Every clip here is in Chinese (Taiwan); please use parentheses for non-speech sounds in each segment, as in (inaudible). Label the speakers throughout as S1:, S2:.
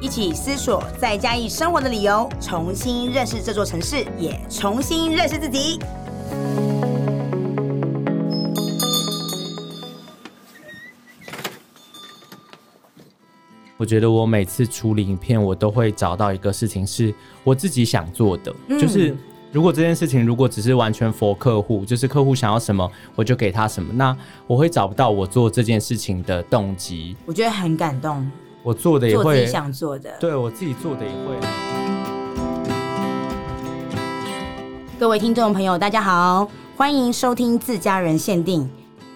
S1: 一起思索，在嘉義生活的理由，重新認識這座城市，也重新認識自己。
S2: 我覺得我每次處理影片，我都會找到一個事情是我自己想做的。嗯、就是如果這件事情如果只是完全 for 客戶，就是客戶想要什麼我就給他什麼，那我會找不到我做這件事情的動機。
S1: 我覺得很感動。
S2: 我做的也會，
S1: 對我自己做的也會。各位聽眾朋友，大家好，歡迎收聽《自家人限定》，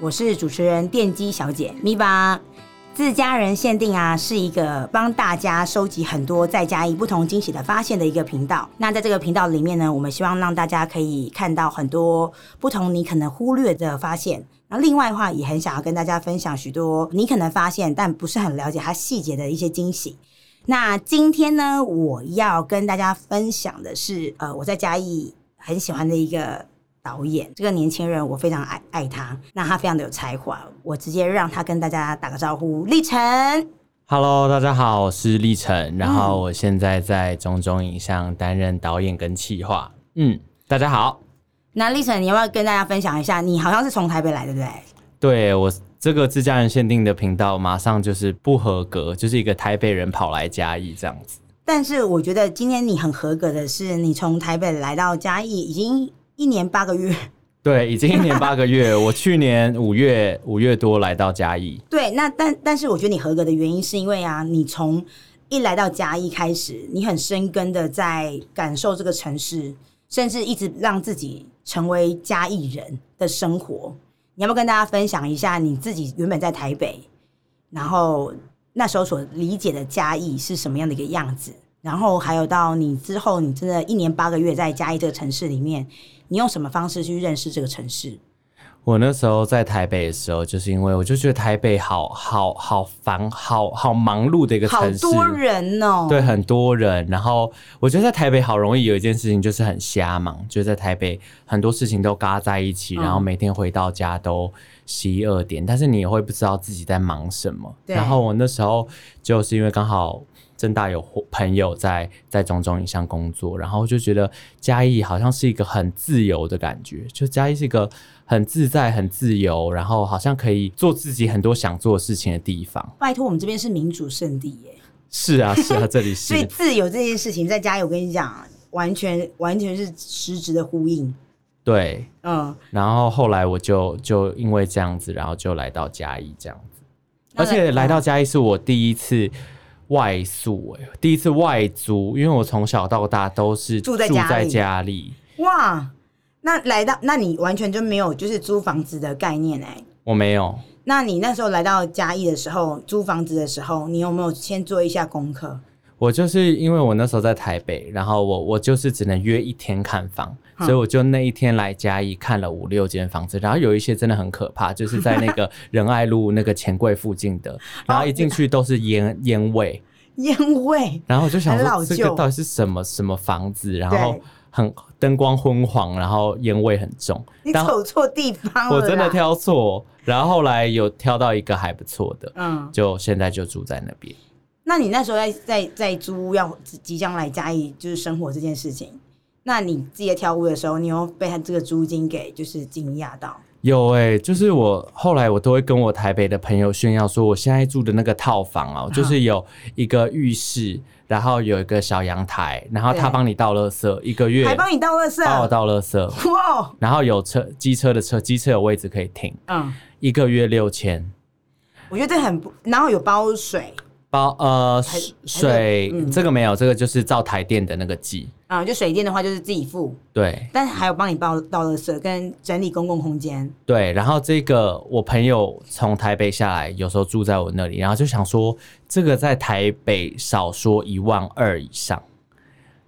S1: 我是主持人電機小姐米巴。《自家人限定》啊，是一個幫大家收集很多再加以不同驚喜的發現的一個頻道。那在這個頻道裡面呢，我們希望讓大家可以看到很多不同你可能忽略的發現。另外的話，也很想要跟大家分享許多你可能發現但不是很了解他細節的一些驚喜。那今天呢，我要跟大家分享的是，呃，我在嘉義很喜歡的一個導演，這個年輕人我非常愛愛他，那他非常的有才華。我直接讓他跟大家打個招呼，立承。
S2: Hello，大家好，我是立承，嗯、然後我現在在種種影像擔任導演跟企劃。嗯，大家好。
S1: 那立承，你要不要跟大家分享一下？你好像是從台北來的，對不對？
S2: 對，我這個自家人限定的頻道，馬上就是不合格，就是一個台北人跑來嘉義這樣子。
S1: 但是我覺得今天你很合格的是，你從台北來到嘉義已經一年八個月。
S2: 對，已經一年八個月。 (laughs) 我去年五月五月多來到嘉義。
S1: 對，那但但是我覺得你合格的原因是因為啊，你從一來到嘉義開始，你很深耕的在感受這個城市，甚至一直讓自己。成為嘉義人的生活，你要不要跟大家分享一下你自己原本在台北，然後那時候所理解的嘉義是什麼樣的一個樣子？然後還有到你之後，你真的一年八個月在嘉義這個城市裡面，你用什麼方式去認識這個城市？
S2: 我那時候在台北的時候，就是因為我就覺得台北好好好煩，好好，好，好，好忙碌的一個城市，好多
S1: 人哦。對，
S2: 很多人。然後我覺得在台北好容易有一件事情就是很瞎忙，就在台北很多事情都嘎在一起，然後每天回到家都十一二點，嗯、但是你也會不知道自己在忙什麼。對然後我那時候就是因為剛好。正大有朋友在在種種影像工作，然後就覺得嘉義好像是一個很自由的感覺，就嘉義是一個很自在、很自由，然後好像可以做自己很多想做的事情的地方。
S1: 拜托，我們這邊是民主聖地耶。
S2: 是啊，是啊， (laughs) 這裡是。所以
S1: 自由這件事情，在嘉義，我跟你講，完全完全是實質的呼應。對，
S2: 嗯。然後後來我就就因為這樣子，然後就來到嘉義這樣子，
S1: 而且來
S2: 到嘉義是我第一次。外宿欸，第一次外租，因為我從小到大都是住在家裡。家裡。
S1: 哇，那來到，那你完全就沒有就是租房子的概念欸。我沒有。那你那時候來到嘉義的時候，租房子的時候，你有沒有先做一下功課？
S2: 我就是因為我那時候在台北，然後我我就是只能約一天看房。所以我就那一天來嘉義看了五六間房子，然後有一些真的很可怕，就是在那個仁愛路那個錢櫃附近的， (laughs) 然後一進去都是煙煙味，
S1: 煙味，然後我就想說這個到底
S2: 是什麼什麼房子，然後很燈光昏黃，然後煙味很重，你走
S1: 錯地方了，我真的
S2: 挑錯，然後後來有挑到一個還不錯的，嗯，就現在就住在那邊。
S1: 那你那時候在在在租屋要即將來嘉義就是生活這件事情。那你自己在跳舞的時候，你有被他這個租金給就是驚訝到？
S2: 有哎、欸，就是我後來我都會跟我台北的朋友炫耀，說我現在住的那個套房哦、喔，嗯、就是有一個浴室，然後有一個小陽台，然後他幫你倒垃圾，對一個月還幫你
S1: 倒垃圾幫我倒垃圾哇，
S2: 然後有車機車的車機車有位置可以停，
S1: 嗯，
S2: 一個月六千，
S1: 我覺得這很不，然後有包水。
S2: 包呃水、嗯、這個沒有，這個就是照台電的那個計。
S1: 啊，就水電的話就是自己付。對，但是還有幫你報到的水跟整理公共空間。
S2: 對，然後這個我朋友從台北下來，有時候住在我那裡，然後就想說這個在台北少說一萬二以上，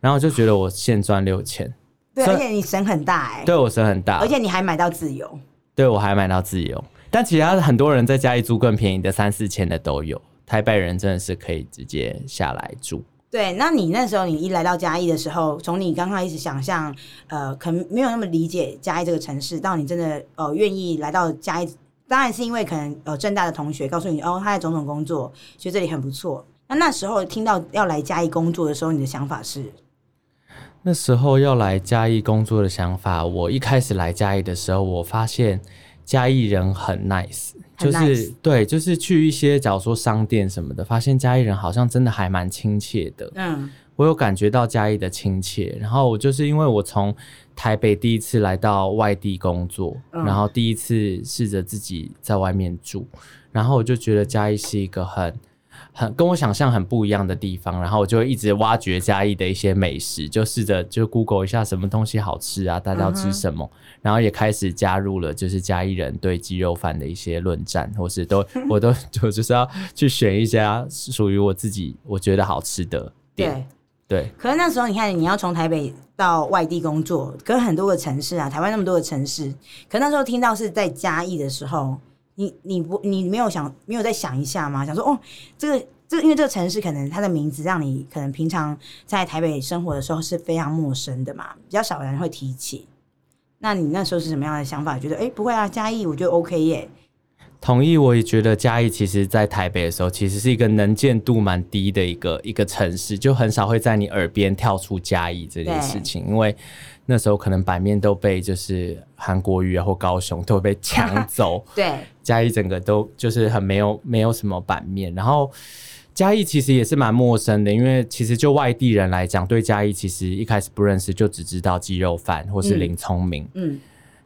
S2: 然後就覺得我現賺六千、
S1: 啊。對，所以，而且你省很大哎、欸。對，
S2: 我省很大，而且
S1: 你還買到自由。
S2: 對，我還買到自由，但其他很多人在家裡租更便宜的三四千的都有。台北人真的是可以直接下來住。
S1: 對，那你那時候你一來到嘉義的時候，從你剛剛一直想象，呃，可能沒有那麼理解嘉義這個城市，到你真的呃願意來到嘉義，當然是因為可能呃政大的同學告訴你，哦，他在種種工作，所以這裡很不錯。那那時候聽到要來嘉義工作的時候，你的想法是？
S2: 那時候要來嘉義工作的想法，我一開始來嘉義的時候，我發現嘉義人很 nice。就是對，就是去一些，假如說商店什麼的，發現嘉義人好像真的還蠻親切的。嗯，我有感覺到嘉義的親切。然後我就是因為我從台北第一次來到外地工作，嗯、然後第一次試着自己在外面住，然後我就覺得嘉義是一個很。很跟我想象很不一樣的地方，然後我就一直挖掘嘉義的一些美食，就試着就 Google 一下什麼東西好吃啊，大家要吃什麼，嗯、哼然後也開始加入了就是嘉義人對雞肉飯的一些論戰，或是都我都 (laughs) 我就是要去選一家屬於我自己我覺得好吃的店。對，對。對
S1: 可是那時候你看你要從台北到外地工作，可很多個城市啊，台灣那麼多的城市，可那時候聽到是在嘉義的時候。你你不你沒有想沒有再想一下嗎？想說哦，這個這因為這個城市可能它的名字讓你可能平常在台北生活的時候是非常陌生的嘛，比較少人會提起。那你那時候是什麼樣的想法？覺得哎、欸，不會啊，嘉義我覺得 OK 耶、欸。
S2: 同意，我也覺得嘉義其實在台北的時候，其實是一個能見度蠻低的一個一個城市，就很少會在你耳邊跳出嘉義這件事情，對因為。那時候可能版面都被就是韓國瑜、啊，或高雄都被搶走 (laughs) 對，對嘉義整個都就是很沒有沒有什麼版面，然後嘉義其實也是蠻陌生的，因為其實就外地人來講，對嘉義其實一開始不認識，就只知道雞肉飯或是林聰明，嗯，嗯，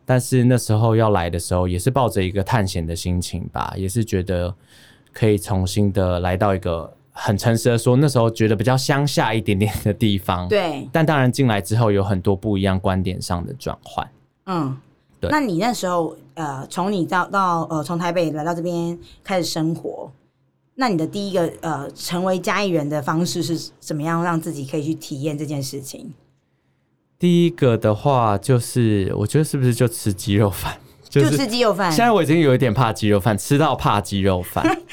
S2: 但是那時候要來的時候，也是抱着一個探險的心情吧，也是覺得可以重新的來到一個。很誠實的說，那時候覺得比較鄉下一點點的地方，對。但當然進來之後，有很多不一樣觀點上的轉換。嗯，對。那你
S1: 那時候，呃，從你到到呃，從台北來到這邊開始生活，那你的第一個呃，成為嘉義人的方式是怎麼樣，讓自己可以去體驗這件事情？
S2: 第一個的話，就是我覺得是不是就吃雞肉飯？ (laughs) 就是、就吃雞肉飯。現在我已經有一點怕雞肉飯，吃到怕雞肉飯。 (laughs)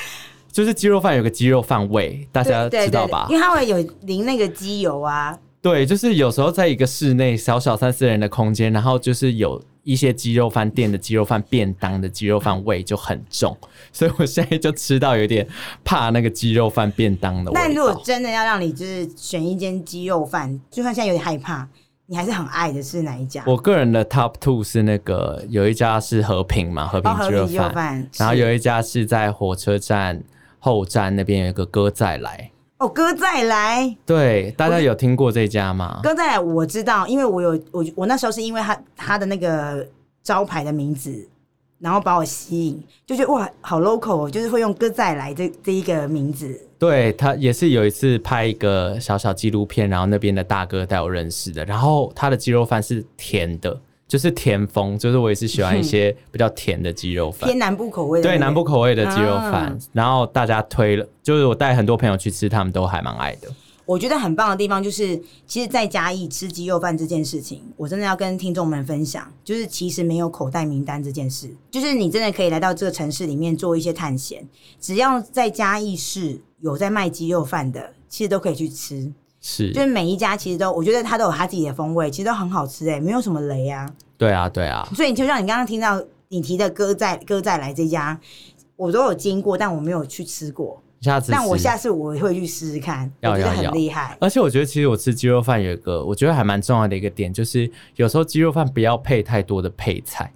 S2: 就是雞肉飯有個雞肉飯味，大家知道吧？對對對，因
S1: 為它會有淋那個雞油啊。
S2: 對，就是有時候在一個室內小小三四人的空間，然後就是有一些雞肉飯店的雞肉飯 (laughs) 便當的雞肉飯味就很重，所以我現在就吃到有點怕那個雞肉飯便當的味。但
S1: 如果真的要讓你就是選一間雞肉飯，就算現在有點害怕，你還是很愛的是哪一家？我
S2: 個人的 top two 是那個有一家是和平嘛，和平雞肉飯，然後有一家是在火車站。後站那邊有一個歌再來，
S1: 哦，歌再來，
S2: 對，大家有聽過這家嗎？
S1: 歌再來，我知道，因為我有我我那時候是因為他他的那個招牌的名字，然後把我吸引，就覺得哇，好 local，就是會用歌再來這這一個名字。
S2: 對，他也是有一次拍一個小小紀錄片，然後那邊的大哥帶我認識的，然後他的雞肉飯是甜的。就是甜風，就是我也是喜歡一些比較甜的雞肉飯，偏、嗯、
S1: 南部口味的。對，南部口味的雞肉飯，
S2: 啊、然後大家推了，就是我帶很多朋友去吃，他們都還蠻愛的。
S1: 我覺得很棒的地方就是，其實在嘉義吃雞肉飯這件事情，我真的要跟聽眾們分享，就是其實沒有口袋名單這件事，就是你真的可以來到這個城市裡面做一些探險，只要在嘉義市有在賣雞肉飯的，其實都可以去吃。是，就是每一家其實都，我覺得它都有它自己的風味，其實都很好吃哎、欸，沒有什麼雷啊。對啊，
S2: 對啊，對啊。所
S1: 以就像你剛剛聽到你提的哥在哥再來這家，我都有經過，但我沒有去吃過。
S2: 下次，但我下
S1: 次我會去試試看，要覺要，要很厲害。
S2: 而且我覺得其實我吃雞肉飯有一個，我覺得還蠻重要的一個點，就是有時候雞肉飯不要配太多的配菜。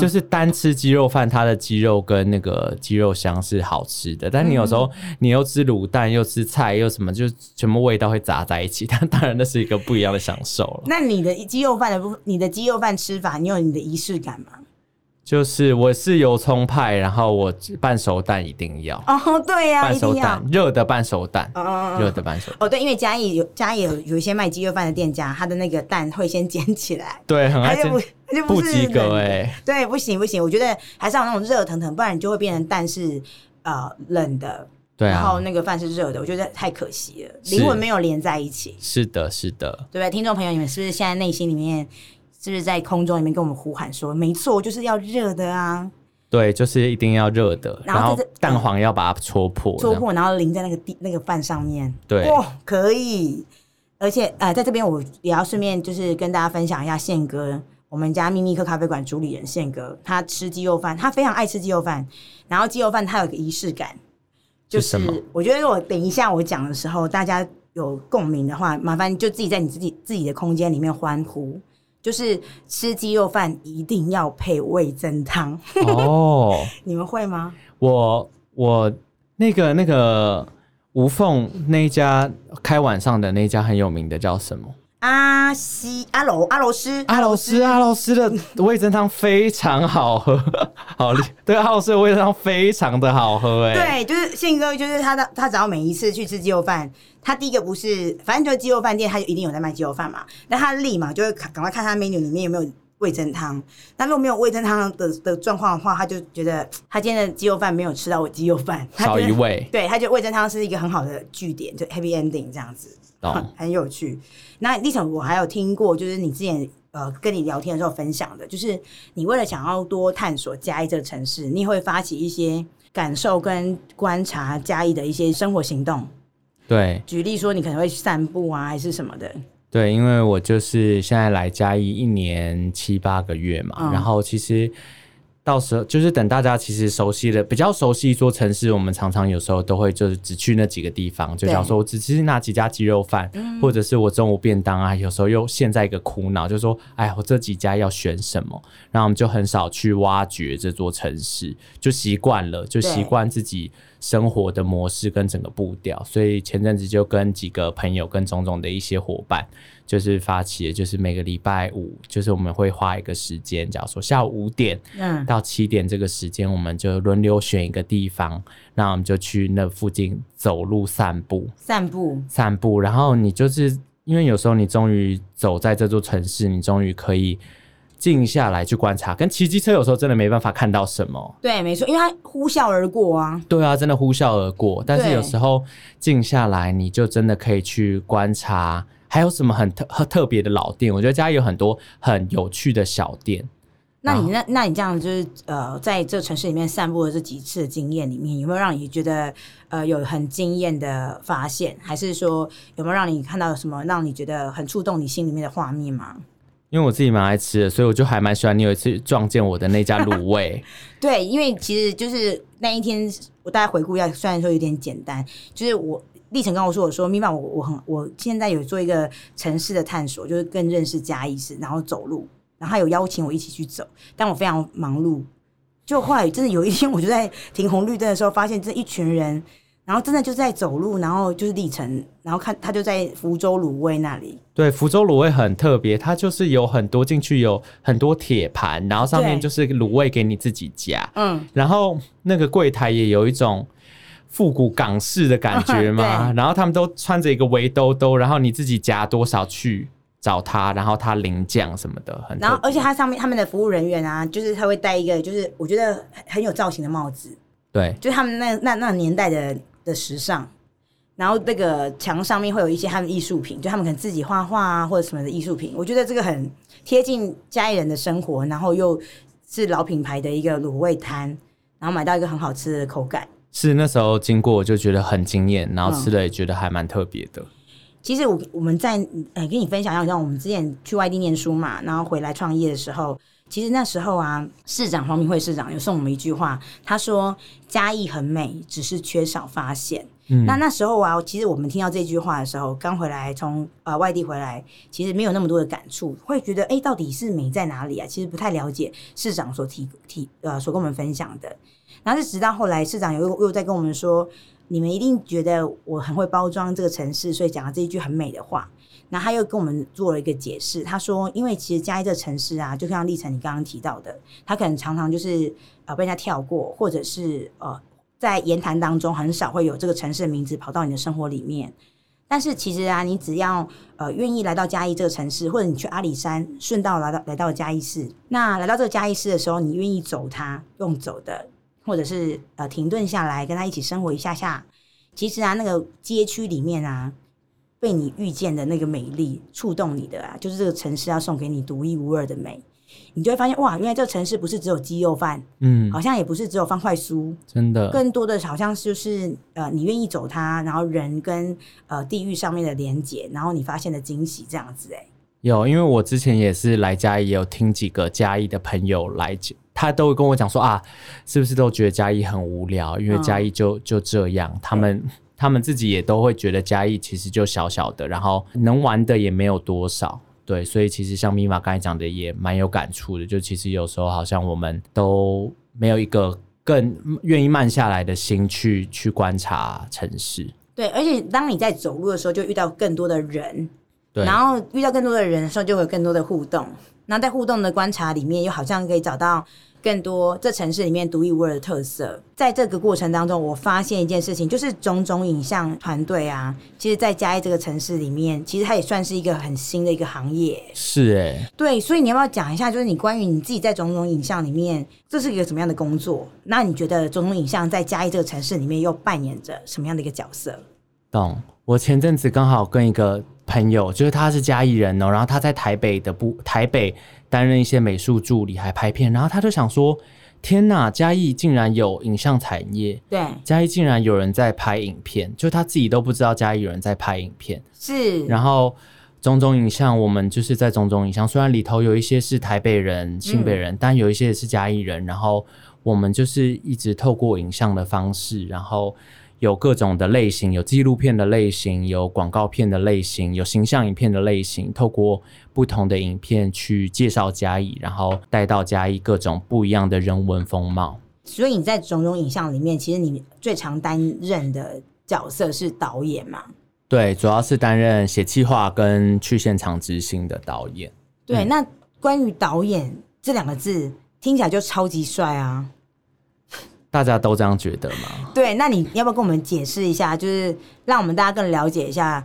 S2: 就是單吃雞肉飯，它的雞肉跟那個雞肉香是好吃的。但你有時候你又吃滷蛋，又吃菜，又什麼，就全部味道會雜在一起。但當然，那是一個不一樣的享受
S1: 了。 (laughs) 那你的雞肉飯的，你的雞肉飯吃法，你有你的儀式感嗎？
S2: 就是我是油蔥派，然後我半熟蛋一定要哦
S1: ，oh, 對呀、啊，半熟蛋
S2: 熱的半熟蛋，熱、oh, oh, oh. 的半熟哦，oh, oh, oh. Oh,
S1: 對，因為嘉義有嘉義有有一些賣雞肉飯的店家，他的那個蛋會先煎起來，
S2: 對，他就不就不，不及格耶，
S1: 對，不行不行，我覺得還是要那種熱騰騰，不然你就會變成蛋是呃冷的，對啊、然後那個飯是熱的，我覺得太可惜了，靈魂沒有連在一起，
S2: 是，是的，是的，
S1: 對，聽眾朋友，你們是不是現在內心裡面？是不是在空中裡面跟我們呼喊說：“沒錯，就是要熱的啊！”
S2: 對，就是一定要熱的。然後蛋黃要把它戳破，嗯、戳破，
S1: 然後淋在那個地那個飯上面。對哦，可以。而且呃，在這邊我也要順便就是跟大家分享一下，憲哥，我們家秘密客咖啡館主理人憲哥，他吃雞肉飯，他非常愛吃雞肉飯。然後雞肉飯它有個儀式感，就是，是什麼？我覺得如果等一下我講的時候，大家有共鳴的話，麻煩就自己在你自己自己的空間裡面歡呼。就是吃雞肉飯一定要配味噌湯
S2: 哦。 (laughs) oh,
S1: (laughs) 你們會嗎？
S2: 我我那個那個無縫那一家開晚上的那一家很有名的叫什麼？
S1: 阿、啊、西
S2: 阿樓阿羅斯，阿老、啊、斯，阿老、啊斯，啊、斯的味噌湯非常好喝， (laughs) 好哩，對阿、 (laughs) 啊、的味噌湯非常的好喝哎、欸，
S1: 對，就是憲哥，就是他他只要每一次去吃雞肉飯，他第一個不是，反正就是雞肉飯店，他就一定有在賣雞肉飯嘛，那他立馬就會趕快看他 menu 裡面有沒有味噌湯，那如果沒有味噌湯的的狀況的話，他就覺得他今天的雞肉飯沒有吃到雞肉飯，他少一味，對，他覺得味噌湯是一個很好的句點，就 Happy Ending 這樣子。很有趣。那立承，我還有聽過，就是你之前呃跟你聊天的時候分享的，就是你為了想要多探索嘉義這個城市，你會發起一些感受跟觀察嘉義的一些生活行動。
S2: 對，
S1: 舉例說，你可能會去散步啊，還是什麼的。
S2: 對，因為我就是現在來嘉義一年七八個月嘛，嗯、然後其實。到時候就是等大家其實熟悉的比較熟悉一座城市，我們常常有時候都會就是只去那幾個地方，對就想說我只吃那幾家雞肉飯，嗯、或者是我中午便當啊。有時候又陷在一個苦惱，就說哎，我這幾家要選什麼？然後我們就很少去挖掘這座城市，就習慣了，就習慣自己生活的模式跟整個步調，所以前陣子就跟幾個朋友跟種種的一些夥伴，就是發起的，就是每個禮拜五，就是我們會花一個時間，假如說下午五點，到七點這個時間，我們就輪流選一個地方，嗯、那我們就去那附近走路散步，
S1: 散步，
S2: 散步，然後你就是因為有時候你終於走在這座城市，你終於可以。靜下來去觀察，跟騎機車有時候真的沒辦法看到什麼。
S1: 對，沒錯，因為它呼嘯而過啊。
S2: 對啊，真的呼嘯而過。但是有時候靜下來，你就真的可以去觀察，還有什麼很特特別的老店。我覺得家裡有很多很有趣的小店。嗯、那你
S1: 那那你這樣就是呃，在這城市裡面散步的這幾次經驗裡面，有沒有讓你覺得呃有很驚艷的發現？還是說有沒有讓你看到什麼，讓你覺得很觸動你心裡面的畫面嗎？
S2: 因為我自己蠻愛吃的，所以我就還蠻喜歡你有一次撞見我的那家滷味。
S1: (laughs) 對，因為其實就是那一天，我大概回顧一下，雖然說有點簡單，就是我立承跟我說我說，咪媽，我我很我現在有做一個城市的探索，就是更認識嘉義市，然後走路，然後還有邀請我一起去走，但我非常忙碌，就後來真的有一天，我就在停紅綠燈的時候，發現這一群人。然後真的就在走路，然後就是歷程，然後看他就在福州滷味那裡。
S2: 對，福州滷味很特別，它就是有很多進去有很多鐵盤，然後上面就是滷味給你自己夾。嗯。然後那個櫃檯也有一種復古港式的感覺嘛。哦，然後他們都穿着一個圍兜兜，然後你自己夾多少去找他，然後他淋醬什麼的很。然後，而
S1: 且他上面他們的服務人員啊，就是他會戴一個，就是我覺得很有造型的帽子。對。就他們那那那年代的的時尚，然後那個牆上面會有一些他們藝術品，就他們可能自己畫畫、啊、或者什麼的藝術品。我覺得這個很貼近家裡人的生活，然後又是老品牌的一個滷味攤，然後買到一個很好吃的口感。
S2: 是那時候經過，我就覺得很驚艷，然後吃了也覺得還蠻特別的，嗯。
S1: 其實我我們在呃、欸、跟你分享一下，像像我們之前去外地念書嘛，然後回來創業的時候。其實那時候啊，市長黃敏惠市長有送我們一句話，他說：“嘉義很美，只是缺少發現。”嗯，那那時候啊，其實我們聽到這句話的時候，剛回來從呃外地回來，其實沒有那麼多的感觸，會覺得哎、欸，到底是美在哪裡啊？其實不太了解市長所提提呃所跟我們分享的。然後是直到後來，市長又又在跟我們說，你們一定覺得我很會包裝這個城市，所以講了這一句很美的話。那他又跟我們做了一個解釋，他說：“因為其實嘉義這個城市啊，就像立承你剛剛提到的，他可能常常就是呃被人家跳過，或者是呃在言談當中很少會有這個城市的名字跑到你的生活裡面。但是其實啊，你只要呃願意來到嘉義這個城市，或者你去阿里山順道來到來到嘉義市，那來到這個嘉義市的時候，你願意走他用走的，或者是呃停頓下來跟他一起生活一下下，其實啊，那個街區裡面啊。”被你遇見的那個美麗觸動你的啊，就是這個城市要送給你獨一無二的美，你就會發現哇，原來這個城市不是只有雞肉飯，嗯，好像也不是只有方塊酥，真的，更多的好像就是呃，你願意走它，然後人跟呃地域上面的連結，然後你發現的驚喜這樣子哎、欸，
S2: 有，因為我之前也是來嘉義，也有聽幾個嘉義的朋友來，他都會跟我講說啊，是不是都覺得嘉義很無聊？因為嘉義就就這樣，嗯、他們。他們自己也都會覺得嘉義其實就小小的，然後能玩的也沒有多少，對，所以其實像密客剛才講的也蠻有感觸的，就其實有時候好像我們都沒有一個更願意慢下來的心去去觀察城市，
S1: 對，而且當你在走路的時候就遇到更多的人，對然後遇到更多的人的時候就會有更多的互動，那在互動的觀察裡面又好像可以找到。更多這城市裡面獨一無二的特色，在這個過程當中，我發現一件事情，就是種種影像團隊啊，其實，在嘉義這個城市裡面，其實它也算是一個很新的一個行業。
S2: 是哎、欸，
S1: 對，所以你要不要講一下，就是你關於你自己在種種影像裡面，這是一個什麼樣的工作？那你覺得種種影像在嘉義這個城市裡面又扮演着什麼樣的一個角色？
S2: 懂。我前陣子剛好跟一個朋友，就是他是嘉義人哦，然後他在台北的部，台北。擔任一些美術助理，還拍片，然後他就想說：“天哪，嘉義竟然有影像產業！對，嘉義竟然有人在拍影片，就他自己都不知道嘉義有人在拍影片。”
S1: 是，然
S2: 後種種影像，我們就是在種種影像，雖然裡頭有一些是台北人、新北人，嗯、但有一些也是嘉義人。然後我們就是一直透過影像的方式，然後。有各種的類型，有紀錄片的類型，有廣告片的類型，有形象影片的類型。透過不同的影片去介紹嘉義，然後帶到嘉義各種不一樣的人文風貌。
S1: 所以你在種種影像裡面，其實你最常擔任的角色是導演嘛？
S2: 對，主要是擔任寫企劃跟去現場執行的導演。嗯、
S1: 對，那關於導演這兩個字，聽起來就超級帥啊！
S2: 大家都這樣覺得嗎？
S1: 對，那你要不要跟我們解釋一下，就是讓我們大家更了解一下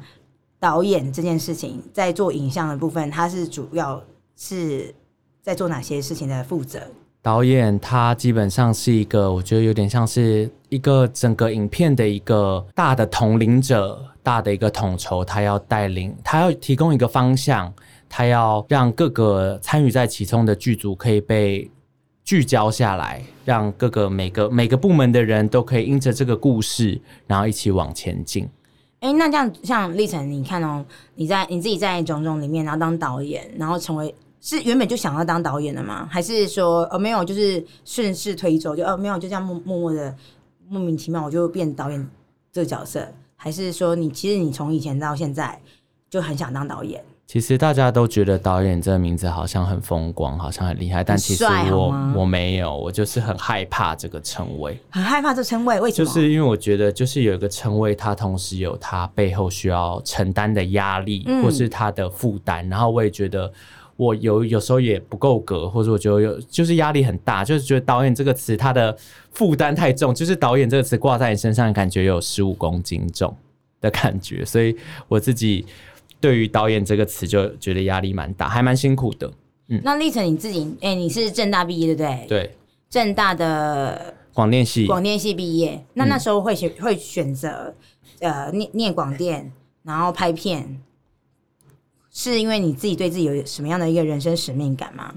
S1: 導演這件事情，在做影像的部分，他是主要是在做哪些事情在負責？
S2: 導演他基本上是一個，我覺得有點像是一個整個影片的一個大的統領者，大的一個統籌，他要帶領，他要提供一個方向，他要讓各個參與在其中的劇組可以被。聚焦下來，讓各個每個每個部門的人都可以因着這個故事，然後一起往前進，
S1: 欸。那這樣像立承你看哦，你在你自己在種種裡面，然後當導演，然後成為是原本就想要當導演的嗎？還是說呃、哦、沒有，就是順勢推舟，就呃、哦、沒有，就這樣默默，默的莫名其妙我就變導演這個角色？還是說你其實你從以前到現在就很想當導演？
S2: 其實大家都覺得導演這個名字好像很風光，好像很厲害，但其實我、哦、我沒有，我就是很害怕這個稱謂，
S1: 很害怕這稱謂，為什麼？就是
S2: 因為我覺得，就是有一個稱謂，它同時有它背後需要承擔的壓力，或是它的負擔。嗯、然後我也覺得，我有有時候也不夠格，或者我覺得有就是壓力很大，就是覺得導演這個詞它的負擔太重，就是導演這個詞掛在你身上，感覺有十五公斤重的感覺，所以我自己。對於導演這個詞就覺得壓力蠻大，還蠻辛苦的。嗯，
S1: 那立承你自己，哎、欸，你是政大畢業對不對？對，政大的
S2: 廣電系，廣電
S1: 系畢業。那那時候會選會選擇呃念念廣電，然後拍片，是因為你自己對自己有什麼樣的一個人生使命感嗎？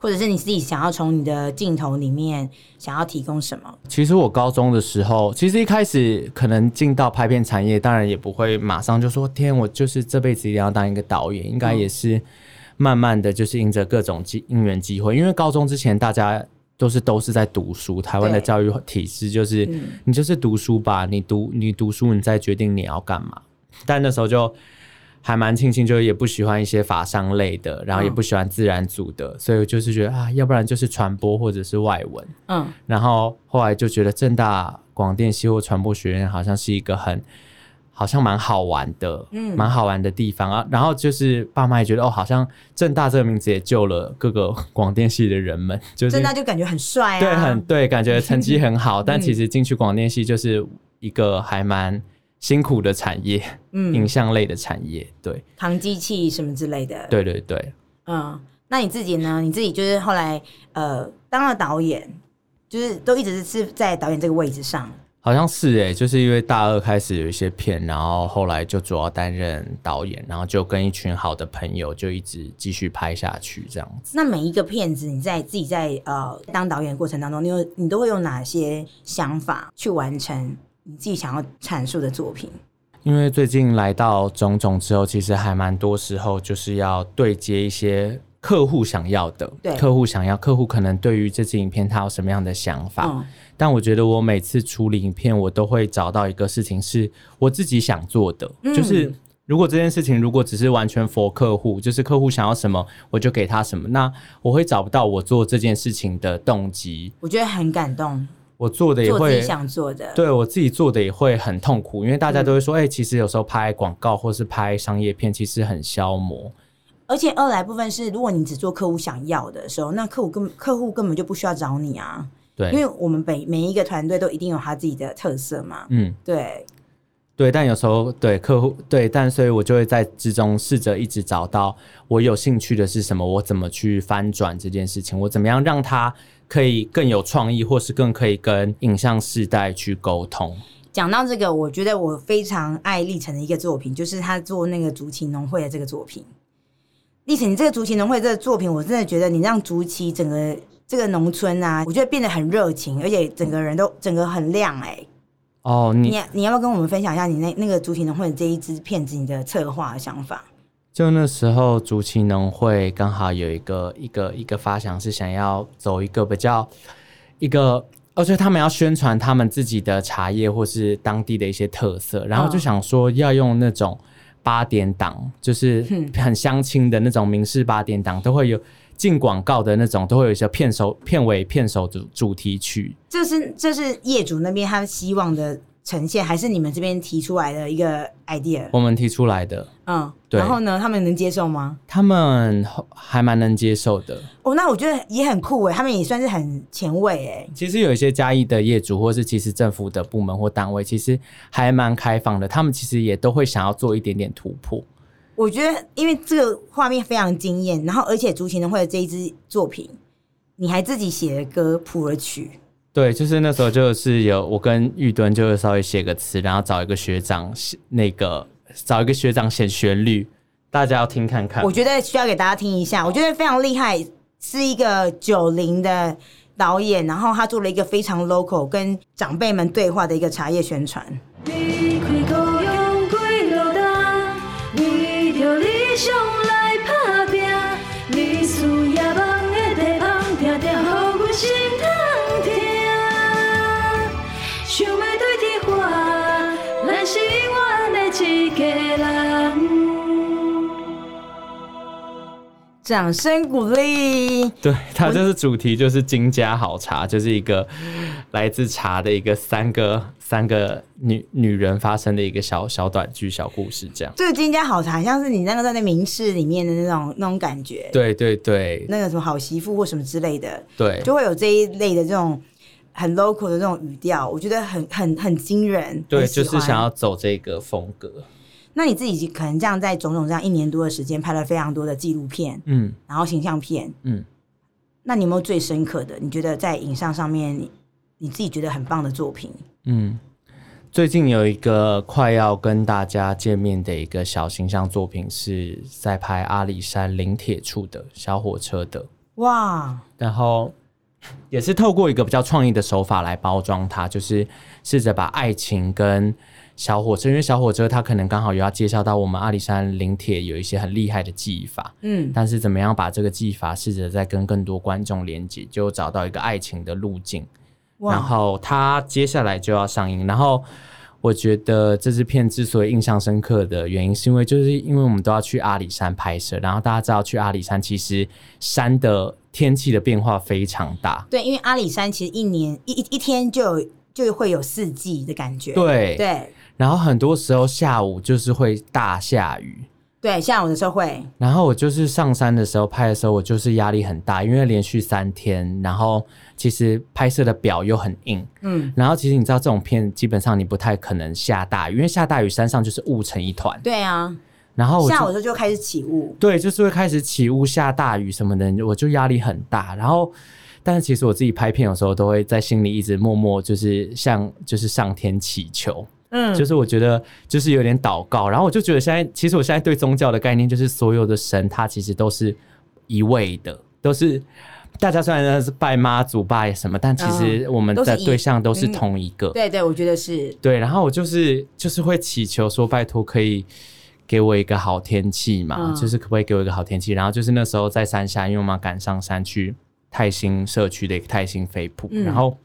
S1: 或者是你自己想要從你的鏡頭裡面想要提供什麼？
S2: 其實我高中的時候，其實一開始可能進到拍片產業，當然也不會馬上就說天，我就是這輩子一定要當一個導演，應該也是慢慢的就是迎着各種機應援機會。因為高中之前大家都是都是在讀書，台灣的教育體制就是、嗯、你就是讀書吧，你讀你讀書，你再決定你要幹嘛。但那時候就。還蠻慶幸，就是也不喜歡一些法商類的，然後也不喜歡自然組的，哦、所以就是覺得啊，要不然就是傳播或者是外文。嗯，然後後來就覺得政大廣電系或傳播學院好像是一個很，好像蠻好玩的，蠻、嗯、好玩的地方啊。然後就是爸媽也覺得哦，好像政大這個名字也救了各個廣電系的人們，就是政大
S1: 就感覺很帥、啊，對，很
S2: 對，感覺成績很好， (laughs) 嗯、但其實進去廣電系就是一個還蠻。辛苦的產業，嗯，影像類的產業，對，
S1: 扛機器什麼之類的，對對對，嗯，那你自己呢？你自己就是後來呃，當了導演，就是都一直是在導演這個位置上，
S2: 好像是哎、欸，就是因為大二開始有一些片，然後後來就主要擔任導演，然後就跟一群好的朋友就一直繼續拍下去這樣
S1: 子。那每一個片子，你在自己在呃當導演的過程當中，你會你都會有哪些想法去完成？你自己想要闡述的作品，
S2: 因為最近來到種種之後，其實還蠻多時候就是要對接一些客戶想要的，對，客戶想要，客戶可能對於這支影片他有什麼樣的想法，嗯、但我覺得我每次處理影片，我都會找到一個事情是我自己想做的，嗯、就是如果這件事情如果只是完全 for 客戶，就是客戶想要什麼我就給他什麼，那我會找不到我做這件事情的動機。
S1: 我覺得很感動。
S2: 我做的也會做自己想做的，對我自己做的也會很痛苦，因為大家都會說，哎、嗯欸，其實有時候拍廣告或是拍商業片，其實很消磨。
S1: 而且二來部分是，如果你只做客戶想要的時候，那客戶根本客戶根本就不需要找你啊。對，因為我們每每一個團隊都一定有他自己的特色嘛。嗯，對，
S2: 對，但有時候對客戶，對，但所以我就會在之中試着一直找到我有興趣的是什麼，我怎麼去翻轉這件事情，我怎麼樣讓他。可以更有創意，或是更可以跟影像世代去溝通。
S1: 講到這個，我覺得我非常愛立承的一個作品，就是他做那個竹崎農會的這個作品。立承，你這個竹崎農會這個作品，我真的覺得你讓竹崎整個這個農村啊，我覺得變得很熱情，而且整個人都整個很亮哎、
S2: 欸。哦，你你要，
S1: 你要不要跟我們分享一下你那那個竹崎農會的這一支片子你的策劃的想法？
S2: 就那時候，竹崎農會剛好有一個一個一個發想，是想要走一個比較一個，而、哦、且他們要宣傳他們自己的茶葉或是當地的一些特色，然後就想說要用那種八點檔，哦、就是很鄉親的那種民視八點檔，哼都會有進廣告的那種，都會有一些片首、片尾、片首主主題曲。
S1: 這是這是業主那邊他們希望的。呈現還是你們這邊提出來的一個 idea，我
S2: 們提出來的，
S1: 嗯，然後呢，對他們能接受嗎？
S2: 他們還蠻能接受的。
S1: 哦，那我覺得也很酷哎，欸，他們也算是很前衛哎，欸。
S2: 其實有一些嘉義的業主，或是其實政府的部門或單位，其實還蠻開放的。他們其實也都會想要做一點點突破。
S1: 我覺得，因為這個畫面非常驚艷，然後而且竹蜻蜓會有這一支作品，你還自己寫歌譜了曲。
S2: 對，就是那時候就是有我跟玉敦，就會稍微寫個詞，然後找一個學長寫那個，找一個學長寫旋律，大家要聽看看。我覺得
S1: 需要給大家聽一下，我覺得非常厲害。哦、是一個九零的導演，然後他做了一個非常 local 跟長輩們對話的一個茶葉宣傳。你你用的。 (noise) 掌聲鼓勵。
S2: 對，它就是主題，就是金家好茶，我就是一個來自茶的一個三個三個女女人發生的一個小小短劇、小故事，這樣。
S1: 這個金家好茶像是你那個在那名士裡面的那種那種感覺。
S2: 對對對，
S1: 那個什麼好媳婦或什麼之類的，對，就會有這一類的這種很 local 的這種語調，我覺得很很很驚人。對，就是想要
S2: 走這個風
S1: 格。那你自己可能這樣在種種這樣一年多的時間，拍了非常多的紀錄片，嗯，然後形象片，嗯，那你有沒有最深刻的？你覺得在影像上面你，你自己覺得很棒的作品？嗯，
S2: 最近有一個快要跟大家見面的一個小形象作品，是在拍阿里山林鐵處的小火車的。
S1: 哇！
S2: 然後也是透過一個比較創意的手法來包裝它，就是試着把愛情跟小火車，因為小火車它可能剛好有要介紹到我們阿里山林鐵有一些很厲害的技法，嗯，但是怎麼樣把這個技法試着再跟更多觀眾連接，就找到一個愛情的路徑。
S1: 哇然後
S2: 它接下來就要上映，然後我覺得這支片之所以印象深刻的原因，是因為就是因為我們都要去阿里山拍攝，然後大家知道去阿里山其實山的天氣的變化非常大，
S1: 對，因為阿里山其實一年一一天就有就會有四季的感覺，對對。對
S2: 然後很多時候下午就是會大下雨，
S1: 對，下午的時候會。
S2: 然後我就是上山的時候拍的時候，我就是壓力很大，因為連續三天，然後其實拍攝的表又很硬，嗯。然後其實你知道這種片，基本上你不太可能下大雨，因為下大雨山上就是霧成一團。
S1: 對啊，然後下午的時候就開始起霧。
S2: 對，就是會開始起霧、下大雨什麼的，我就壓力很大。然後，但是其實我自己拍片有時候，都會在心裡一直默默就是向就是上天祈求。嗯，就是我覺得就是有點禱告，然後我就覺得現在其實我現在對宗教的概念就是所有的神，他其實都是一位的，都是大家雖然那是拜媽祖拜什麼，但其實我們的對象都是同一個。哦一嗯、
S1: 對，對對，我覺得是
S2: 對。然後我就是就是會祈求說，拜托可以給我一個好天氣嘛，嗯、就是可不可以給我一個好天氣？然後就是那時候在山下，因為我們要趕上山去太興社區的一個太興飛瀑，嗯、然後。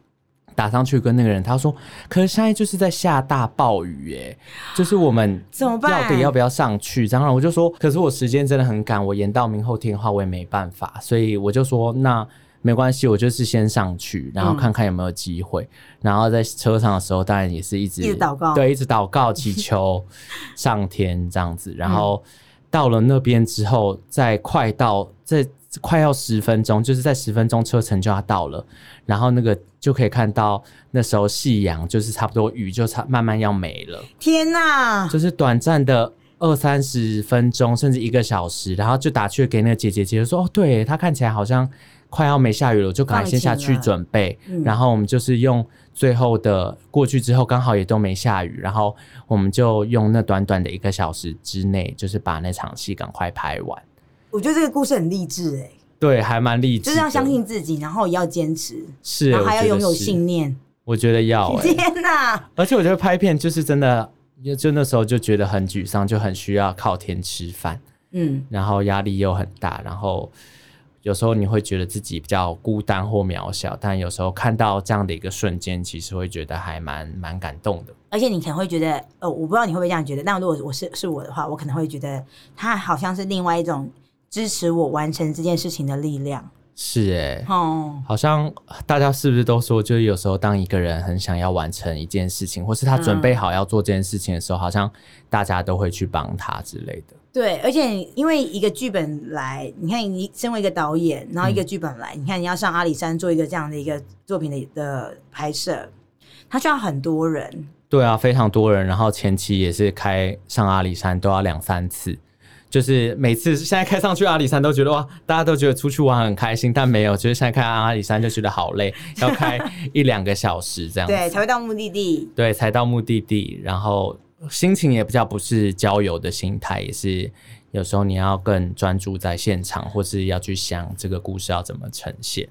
S2: 打上去跟那個人，他說：“可是現在就是在下大暴雨、欸，耶就是我們
S1: 怎麼辦？到底要
S2: 不要上去？”當然，我就說：“可是我時間真的很趕，我延到明後天的話，我也沒辦法。”所以我就說：“那沒關係，我就是先上去，然後看看有沒有機會。嗯”然後在車上的時候，當然也是一直禱告，對，一直禱告祈求上天這樣子。嗯、然後到了那邊之後，在快到在。快要十分鐘，就是在十分鐘車程就要到了，然後那個就可以看到那時候夕陽，就是差不多雨就差慢慢要沒了。
S1: 天哪、啊！就是
S2: 短暫的二三十分鐘，甚至一個小時，然後就打去給那個姐姐，姐姐說：“哦，對，她看起來好像快要沒下雨了，我就趕快先下去準備。啊”嗯、然後我們就是用最後的過去之後，剛好也都沒下雨，然後我們就用那短短的一個小時之內，就是把那場戲趕快拍完。
S1: 我覺得這個故事很勵志哎、欸，
S2: 對，還蠻勵志，就是要相
S1: 信自己，然後也要堅持，是、欸，然後還要擁有信念
S2: 我。我覺得要、欸，天哪！而且我覺得拍片就是真的，就那時候就覺得很沮喪，就很需要靠天吃飯，嗯，然後壓力又很大，然後有時候你會覺得自己比較孤單或渺小，但有時候看到這樣的一個瞬間，其實會覺得還蠻蠻感動的。
S1: 而且你可能會覺得，呃、哦，我不知道你會不會這樣覺得，但如果我是是我的話，我可能會覺得它好像是另外一種。支持我完成這件事情的力量
S2: 是哎、欸，哦、嗯，好像大家是不是都說，就是有時候當一個人很想要完成一件事情，或是他準備好要做這件事情的時候，嗯、好像大家都會去幫他之類的。
S1: 對，而且因為一個劇本來，你看你身為一個導演，然後一個劇本來，嗯、你看你要上阿里山做一個這樣的一個作品的的拍攝，他需要很多人。
S2: 對啊，非常多人，然後前期也是開上阿里山都要兩三次。就是每次現在開上去阿里山都覺得哇，大家都覺得出去玩很開心，但沒有，覺、就、得、是、現在開阿里山就覺得好累，要開一兩個小時這樣， (laughs) 對，才會
S1: 到目的地，
S2: 對，才到目的地，然後心情也比較不是郊遊的心態，也是有時候你要更專注在現場，或是要去想這個故事要怎麼呈現。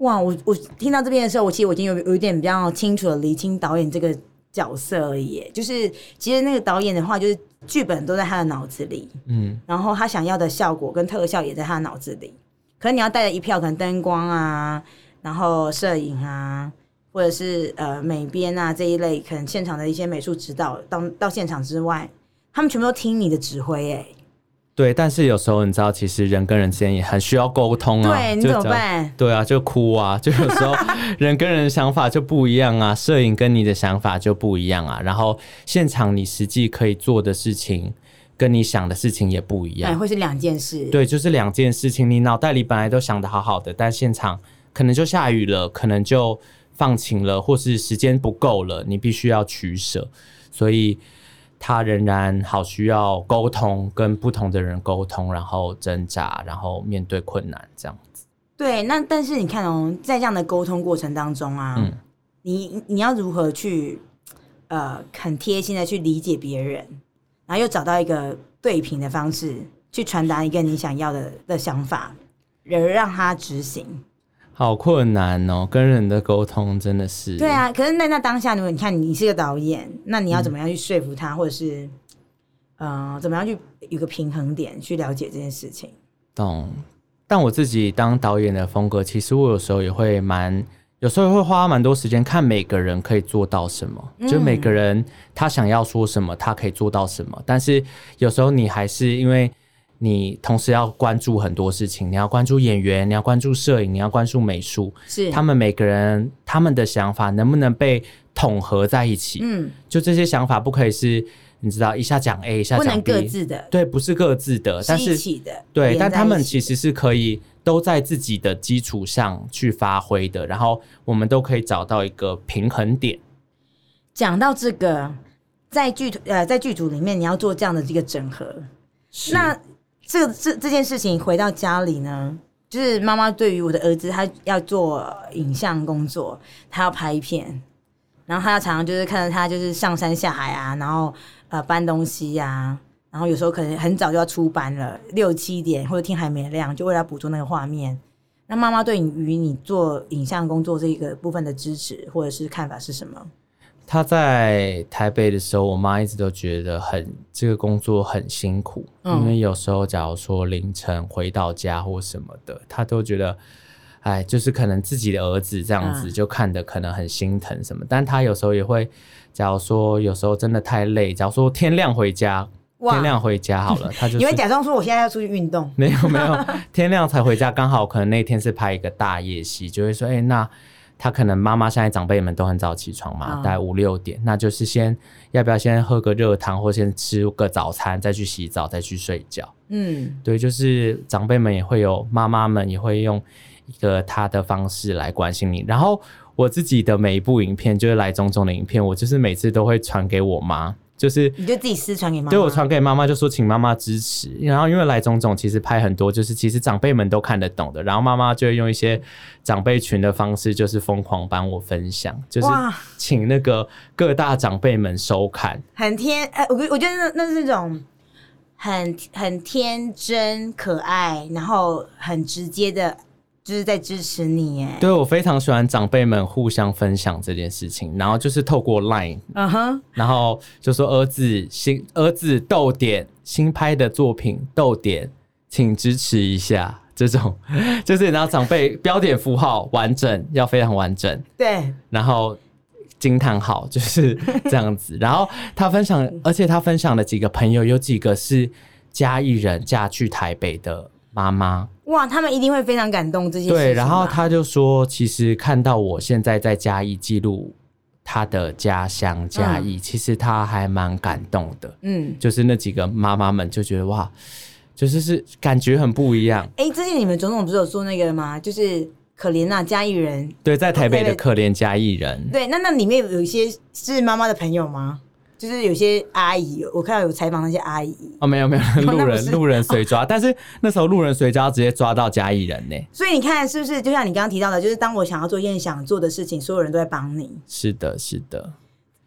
S1: 哇，我我聽到這邊的時候，我其實我已經有有一點比較清楚的釐清導演這個。角色而已，就是其實那個導演的話，就是劇本都在他的腦子裡，嗯，然後他想要的效果跟特效也在他的腦子裡。可能你要帶的一票，可能燈光啊，然後攝影啊，或者是呃美編啊這一類，可能現場的一些美術指導到，到到現場之外，他們全部都聽你的指揮、欸，誒。
S2: 對，但是有時候你知道，其實人跟人之間也很需要溝通啊。對，你怎麼辦？對啊，就哭啊，就有時候人跟人的想法就不一樣啊， (laughs) 攝影跟你的想法就不一樣啊。然後現場你實際可以做的事情，跟你想的事情也不一樣，哎，
S1: 會是兩件事。對，
S2: 就是兩件事情。你腦袋裡本來都想得好好的，但現場可能就下雨了，可能就放晴了，或是時間不夠了，你必須要取捨，所以。他仍然好需要溝通，跟不同的人溝通，然後掙扎，然後面對困難，這樣子。
S1: 對，那但是你看哦，在這樣的溝通過程當中啊，嗯、你你要如何去呃很貼心的去理解別人，然後又找到一個對平的方式去傳達一個你想要的的想法，然讓他執行。
S2: 好困難哦，跟人的溝通真的是。對
S1: 啊，可是那那當下，如果你看，你是個導演，那你要怎麼樣去說服他，嗯、或者是，嗯、呃，怎麼樣去有個平衡點去了解這件事情？
S2: 懂。但我自己當導演的風格，其實我有時候也會蠻，有時候也會花蠻多時間看每個人可以做到什麼，嗯、就每個人他想要說什麼，他可以做到什麼。但是有時候你還是因為。你同時要關注很多事情，你要關注演員，你要關注攝影，你要關注美術，是他們每個人他們的想法能不能被統合在一起？嗯，就這些想法不可以是，你知道一下講 A 一下講 B，不能各自的對，不是各自的但是一起的對，的但他們其實是可以都在自己的基礎上去發揮的，然後我們都可以找到一個平衡點。
S1: 講到這個，在劇呃在劇組裡面，你要做這樣的一個整合，是那。這這這件事情回到家裡呢，就是媽媽對於我的兒子，他要做影像工作，他要拍片，然後他常常就是看到他就是上山下海啊，然後呃搬東西呀、啊，然後有時候可能很早就要出班了，六七點或者天還沒亮，就為了捕捉那個畫面。那媽媽對於你做影像工作這個部分的支持或者是看法是什麼？
S2: 他在台北的時候，我媽一直都覺得很這個工作很辛苦，嗯、因為有時候假如說凌晨回到家或什麼的，她都覺得，哎，就是可能自己的兒子這樣子就看得可能很心疼什麼。啊、但她有時候也會，假如說有時候真的太累，假如說天亮回家，哇天亮回家好了，他就是，因為假
S1: 裝說我現在要出去運動，
S2: 沒有沒有，天亮才回家， (laughs) 剛好可能那天是拍一個大夜戲，就會說，哎、欸、那。他可能媽媽現在長輩們都很早起床嘛，好大概五六點，那就是先要不要先喝個熱湯或先吃個早餐，再去洗澡，再去睡覺。嗯，對，就是長輩們也會有，媽媽們也會用一個他的方式來關心你。然後我自己的每一部影片，就是來種種的影片，我就是每次都會傳給我媽。就是你
S1: 就自己私傳給媽媽，對，我傳
S2: 給媽媽，就說請媽媽支持。然後因為來種種其實拍很多，就是其實長輩們都看得懂的。然後媽媽就會用一些長輩群的方式，就是瘋狂幫我分享，就是請那個各大長輩們收看。
S1: 很天，哎、呃，我我覺得那那是那種很很天真可愛，然後很直接的。就是在支持你耶、欸，對
S2: 我非常喜歡長輩們互相分享這件事情，然後就是透過 Line，嗯
S1: 哼、uh，huh.
S2: 然後就說兒子新兒子豆點新拍的作品豆點，請支持一下這種，就是然後長輩標點符號完整 (laughs) 要非常完整，對，然後驚嘆號就是這樣子， (laughs) 然後他分享，而且他分享的幾個朋友，有幾個是嘉義人嫁去台北的媽媽。
S1: 哇，他們一定會非常感動這些事情。對，然後他
S2: 就說，其實看到我現在在嘉義記錄他的家鄉嘉義、嗯、其實他還蠻感動的。嗯，就是那幾個媽媽們就覺得哇，就是是感覺很不一樣。
S1: 哎，最近你們種種不是有說那個嗎？就是可憐啊，嘉義人。
S2: 對，在台北的可憐嘉義人。
S1: 對，那那裡面有一些是媽媽的朋友嗎？就是有些阿姨，我看到有採訪那些阿姨
S2: 哦，沒有沒有路人有路人隨抓， (laughs) 但是那時候路人隨抓直接抓到嘉義人呢。
S1: 所以你看是不是就像你剛剛提到的，就是當我想要做一件想做的事情，所有人都在幫你。
S2: 是的，是的。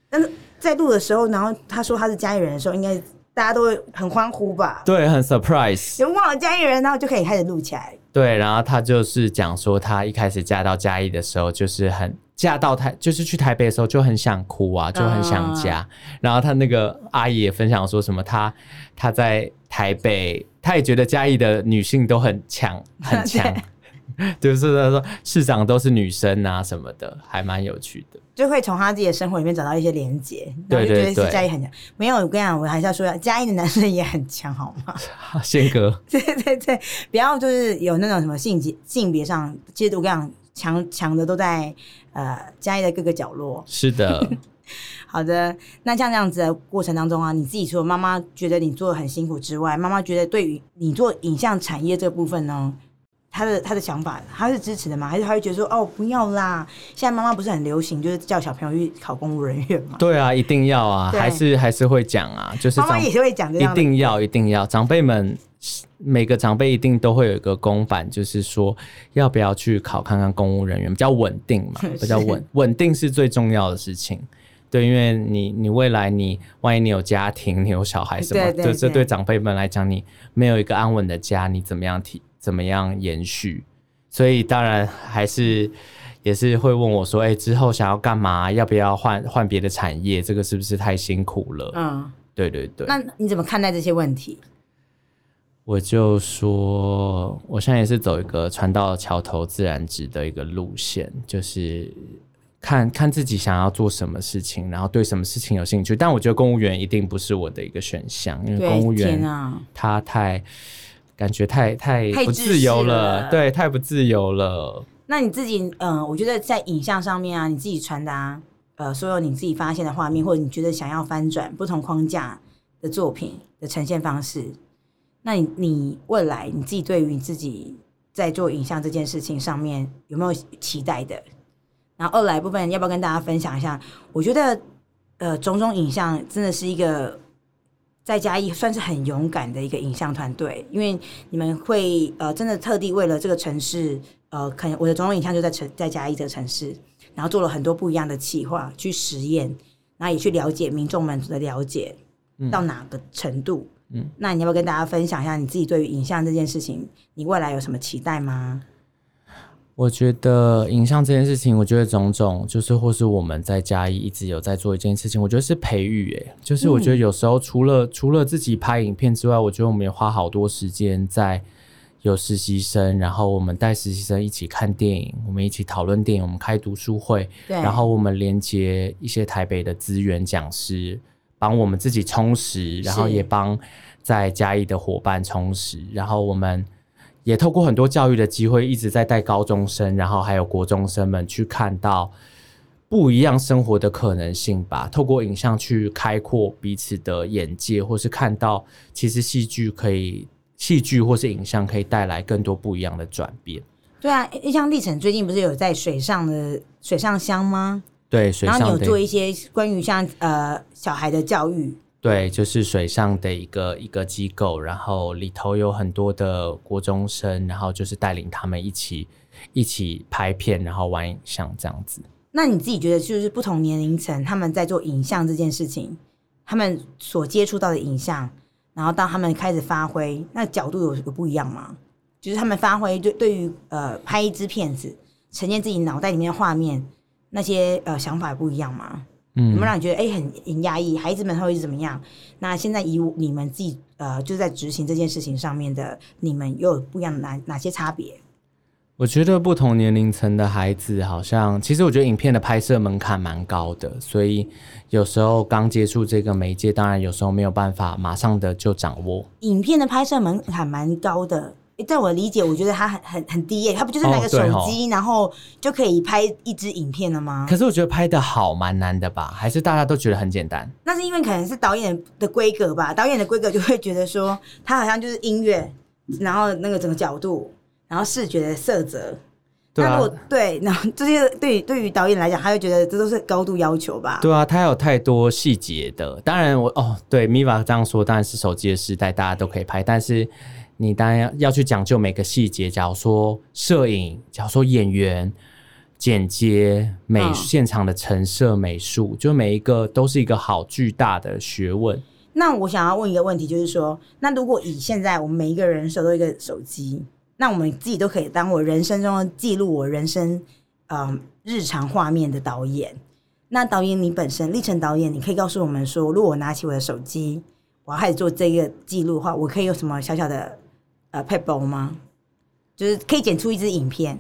S1: 但是在錄的時候，然後他說他是嘉義人的時候，應該大家都會很歡呼吧？
S2: 對，很 surprise，
S1: 就忘了嘉義人，然後就可以開始錄起來。
S2: 對，然後他就是講說，他一開始嫁到嘉義的時候就是很。嫁到台就是去台北的時候就很想哭啊，就很想家。嗯、然後她那個阿姨也分享說什麼，她她在台北，她也覺得嘉義的女性都很強很強，對 (laughs) 就是她說市長都是女生啊什麼的，還蠻有趣的。
S1: 就會從她自己的生活裡面找到一些連結，然後就覺得嘉義很強。對對對，沒有，我跟你講，我還是要說一下嘉義的男生也很強，好嗎？憲哥 (laughs) 對對對，不要就是有那種什麼性別性別上，其實我跟你講，強強的都在。呃，家裡的各個角落。
S2: 是的，
S1: (laughs) 好的。那像這樣子的過程當中啊，你自己說媽媽覺得你做得很辛苦之外，媽媽覺得對於你做影像產業這部分呢，她的她的想法，她是支持的嗎？還是她會覺得說哦不要啦？現在媽媽不是很流行，就是叫小朋友去考公務人員嘛？
S2: 對啊，一定要啊，對還是還是會講啊，就是媽媽也是會講，一定要，一定要，長輩們。每個長輩一定都會有一個公版，就是說要不要去考看看公務人員比較穩定嘛，比較穩穩 (laughs) 定是最重要的事情。對，因為你你未來你萬一你有家庭，你有小孩什麼，對對對，就這對長輩們來講，你沒有一個安穩的家，你怎麼樣提怎麼樣延續？所以當然還是也是會問我說：“哎、欸，之後想要幹嘛？要不要換換別的產業？這個是不是太辛苦了？”嗯，對對對。那
S1: 你怎麼看待這些問題？
S2: 我就說，我現在也是走一個船到橋頭自然直的一個路線，就是看看自己想要做什麼事情，然後對什麼事情有興趣。但我覺得公務員一定不是我的一個選項，因為公務員天啊，他太感覺太太不自由了，對，太不自由了。
S1: 那你自己，嗯、呃，我覺得在影像上面啊，你自己傳達，呃，所有你自己發現的畫面，或者你覺得想要翻轉不同框架的作品的呈現方式。那你你未來你自己對於你自己在做影像這件事情上面有沒有期待的？然後二來部分要不要跟大家分享一下？我覺得，呃，種種影像真的是一個在嘉義算是很勇敢的一個影像團隊，因為你們會呃真的特地為了這個城市，呃，可能我的種種影像就在城在嘉義這個城市，然後做了很多不一樣的企劃去實驗，然後也去了解民眾們的了解到哪個程度。嗯那你要不要跟大家分享一下你自己對於影像這件事情，你未來有什麼期待嗎？
S2: 我覺得影像這件事情，我覺得種種就是，或是我們在嘉義一直有在做一件事情，我覺得是培育、欸。哎，就是我覺得有時候除了、嗯、除了自己拍影片之外，我覺得我們也花好多時間在有實習生，然後我們帶實習生一起看電影，我們一起討論電影，我們開讀書會，對然後我們連接一些台北的資源講師。幫我們自己充實，然後也幫在嘉義的夥伴充實，是然後我們也透過很多教育的機會，一直在帶高中生，然後還有國中生們去看到不一樣生活的可能性吧，透過影像去開闊彼此的眼界，或是看到其實戲劇可以，戲劇或是影像可以帶來更多不一樣的轉變。
S1: 對啊，印象歷程最近不是有在水上的水上鄉嗎？
S2: 對，水上，然後你有做一些
S1: 關於像呃小孩的教育，
S2: 對，就是水上的一個一個機構，然後裡頭有很多的國中生，然後就是帶領他們一起一起拍片，然後玩影像這樣子。
S1: 那你自己覺得，就是不同年齡層他們在做影像這件事情，他們所接觸到的影像，然後當他們開始發揮，那角度有有不，不一樣嗎？就是他們發揮對對於呃拍一支片子，呈現自己腦袋裡面的畫面。那些呃想法也不一樣嘛，嗯，有沒有讓你覺得哎、欸、很很壓抑，孩子們會是怎麼樣？那現在以你們自己呃就在執行這件事情上面的，你們又有不一樣的哪哪些差別？
S2: 我覺得不同年齡層的孩子好像，其實我覺得影片的拍攝門檻蠻高的，所以有時候剛接觸這個媒介，當然有時候沒有辦法馬上的就掌握。
S1: 影片的拍攝門檻蠻高的。欸、在我理解，我覺得他很很很低。欸，他不就是拿個手機，哦哦、然後就可以拍一支影片了嗎？可是
S2: 我覺得拍得好蠻難的吧？還是大家都覺得很簡單？
S1: 那是因為可能是導演的規格吧？導演的規格就會覺得說，他好像就是音樂，然後那個整個角度，然後視覺的色澤。啊、那如果對，那這些對於對於導演來講，他會覺得這都是高度要求吧？
S2: 對啊，他有太多細節的。當然我，我哦，對，米瓦這樣說，當然是手機的時代，大家都可以拍，但是。你當然要要去講究每個細節。假如說攝影，假如說演員、剪接、美、嗯、現場的陳設、美術，就每一個都是一個好巨大的學問。
S1: 那我想要問一個問題，就是說，那如果以現在我們每一個人手都一個手機，那我們自己都可以當我人生中記錄我人生，嗯、日常畫面的導演。那導演，你本身立承導演，你可以告訴我們說，如果我拿起我的手機，我要開始做這個記錄的話，我可以有什麼小小的？呃、配寶嗎？就是可以剪出一支影片。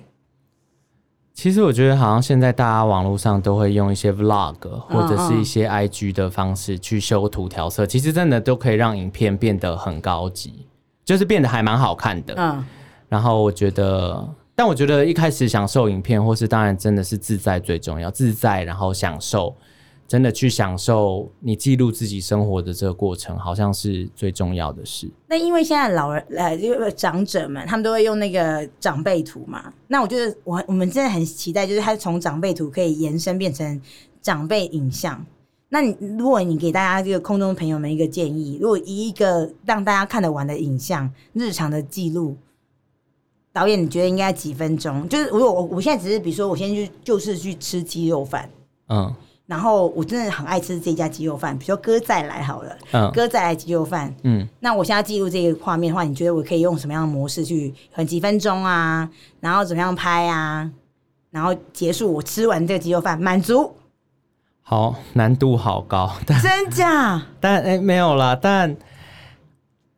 S2: 其實我覺得，好像現在大家網絡上都會用一些 Vlog 或者是一些 IG 的方式去修圖調色，嗯嗯，其實真的都可以讓影片變得很高級，就是變得還蠻好看的。嗯，然後我覺得，但我覺得一開始享受影片，或是當然真的是自在最重要，自在然後享受。真的去享受你記錄自己生活的這個過程，好像是最重要的事。
S1: 那因為現在老人呃，長者們他們都會用那個長輩圖嘛。那我覺得我我們真的很期待，就是它從長輩圖可以延伸變成長輩影像。那你如果你給大家這個空中朋友們一個建議，如果以一個讓大家看得完的影像，日常的記錄，導演你覺得應該幾分鐘？就是如果我我現在只是比如說我現在就就是去吃雞肉飯，嗯。然後我真的很愛吃這家雞肉飯，比如說哥再來好了，嗯、哥再來雞肉飯，嗯，那我現在記錄這個畫面的話，你覺得我可以用什麼樣的模式去？很幾分鐘啊，然後怎麼樣拍啊？然後結束，我吃完這個雞肉飯，滿足。
S2: 好，難度好高，但
S1: 真假？
S2: 但哎，沒有了，但。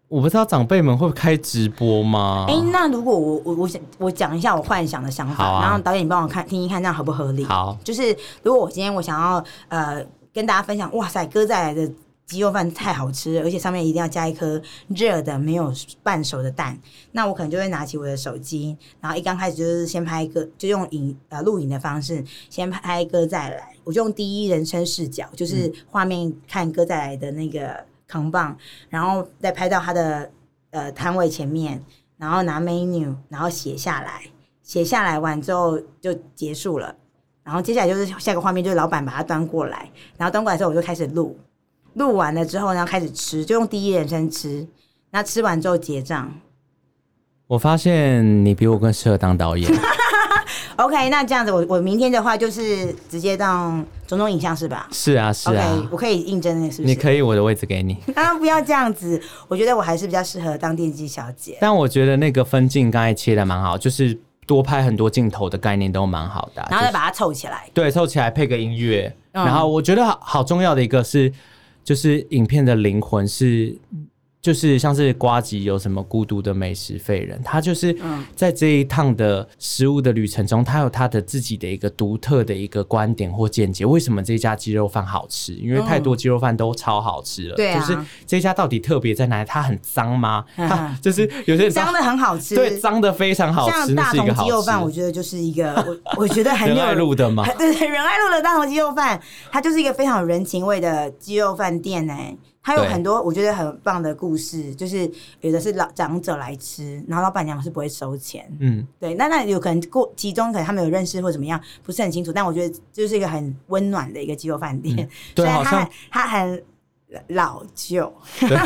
S2: 我不知道長輩們會開直播嗎？哎、欸，
S1: 那如果我我我想我講一下我幻想的想法，啊、然後導演你幫我看聽一看，這樣合不合理？好，就是如果我今天我想要呃跟大家分享，哇塞，哥再來的雞肉飯太好吃了，而且上面一定要加一顆熱的沒有半熟的蛋，那我可能就會拿起我的手機，然後一剛開始就是先拍一個，就用影呃錄影的方式先拍哥再來，我就用第一人稱視角，就是畫面看哥再來的那個。嗯扛棒，然後再拍到他的呃攤位前面，然後拿 menu，然後寫下來，寫下來完之後就結束了。然後接下來就是下個畫面，就是老闆把它端過來，然後端過來之後我就開始錄，錄完了之後然後開始吃，就用第一人稱吃。那吃完之後結賬
S2: 我發現你比我更適合當導演。 (laughs)
S1: OK，那這樣子我，我我明天的話就是直接到種種影像是吧？是啊，
S2: 是啊，okay, 我
S1: 可以應徵的是不是？你可以，
S2: 我的位置給你。
S1: (laughs) 啊，不要這樣子。我覺得我還是比較適合當電擊小姐。
S2: 但我覺得那個分鏡剛才切得蠻好，就是多拍很多鏡頭的概念都蠻好的，啊，然後
S1: 再把它湊起來。就
S2: 是，對，湊起來配個音樂，嗯，然後我覺得好好重要的一個是，就是影片的靈魂是。就是像是呱吉，有什麼孤獨的美食廢人，他就是在這一趟的食物的旅程中，嗯、他有他的自己的一個獨特的一個觀點或見解。為什麼這家雞肉飯好吃？因為太多雞肉飯都超好吃了，對、嗯，就是這家到底特別在哪裡？它很髒嗎？它、啊、就是有些髒的很好吃，對，髒的非常好吃。像大同雞肉飯，我
S1: 覺得就是一個 (laughs) 我覺得仁愛路的嗎？對對，仁愛路的大同雞肉飯，它就是一個非常有人情味的雞肉飯店呢、欸。還有很多我覺得很棒的故事，對就是有的是老長者來吃，然後老闆娘是不會收錢。嗯，對，那那有可能過其中可能他沒有認識或怎麼樣，不是很清楚。但我覺得這是一個很溫暖的一個雞肉飯店、嗯。對，他好像他很老舊，
S2: 對 (laughs)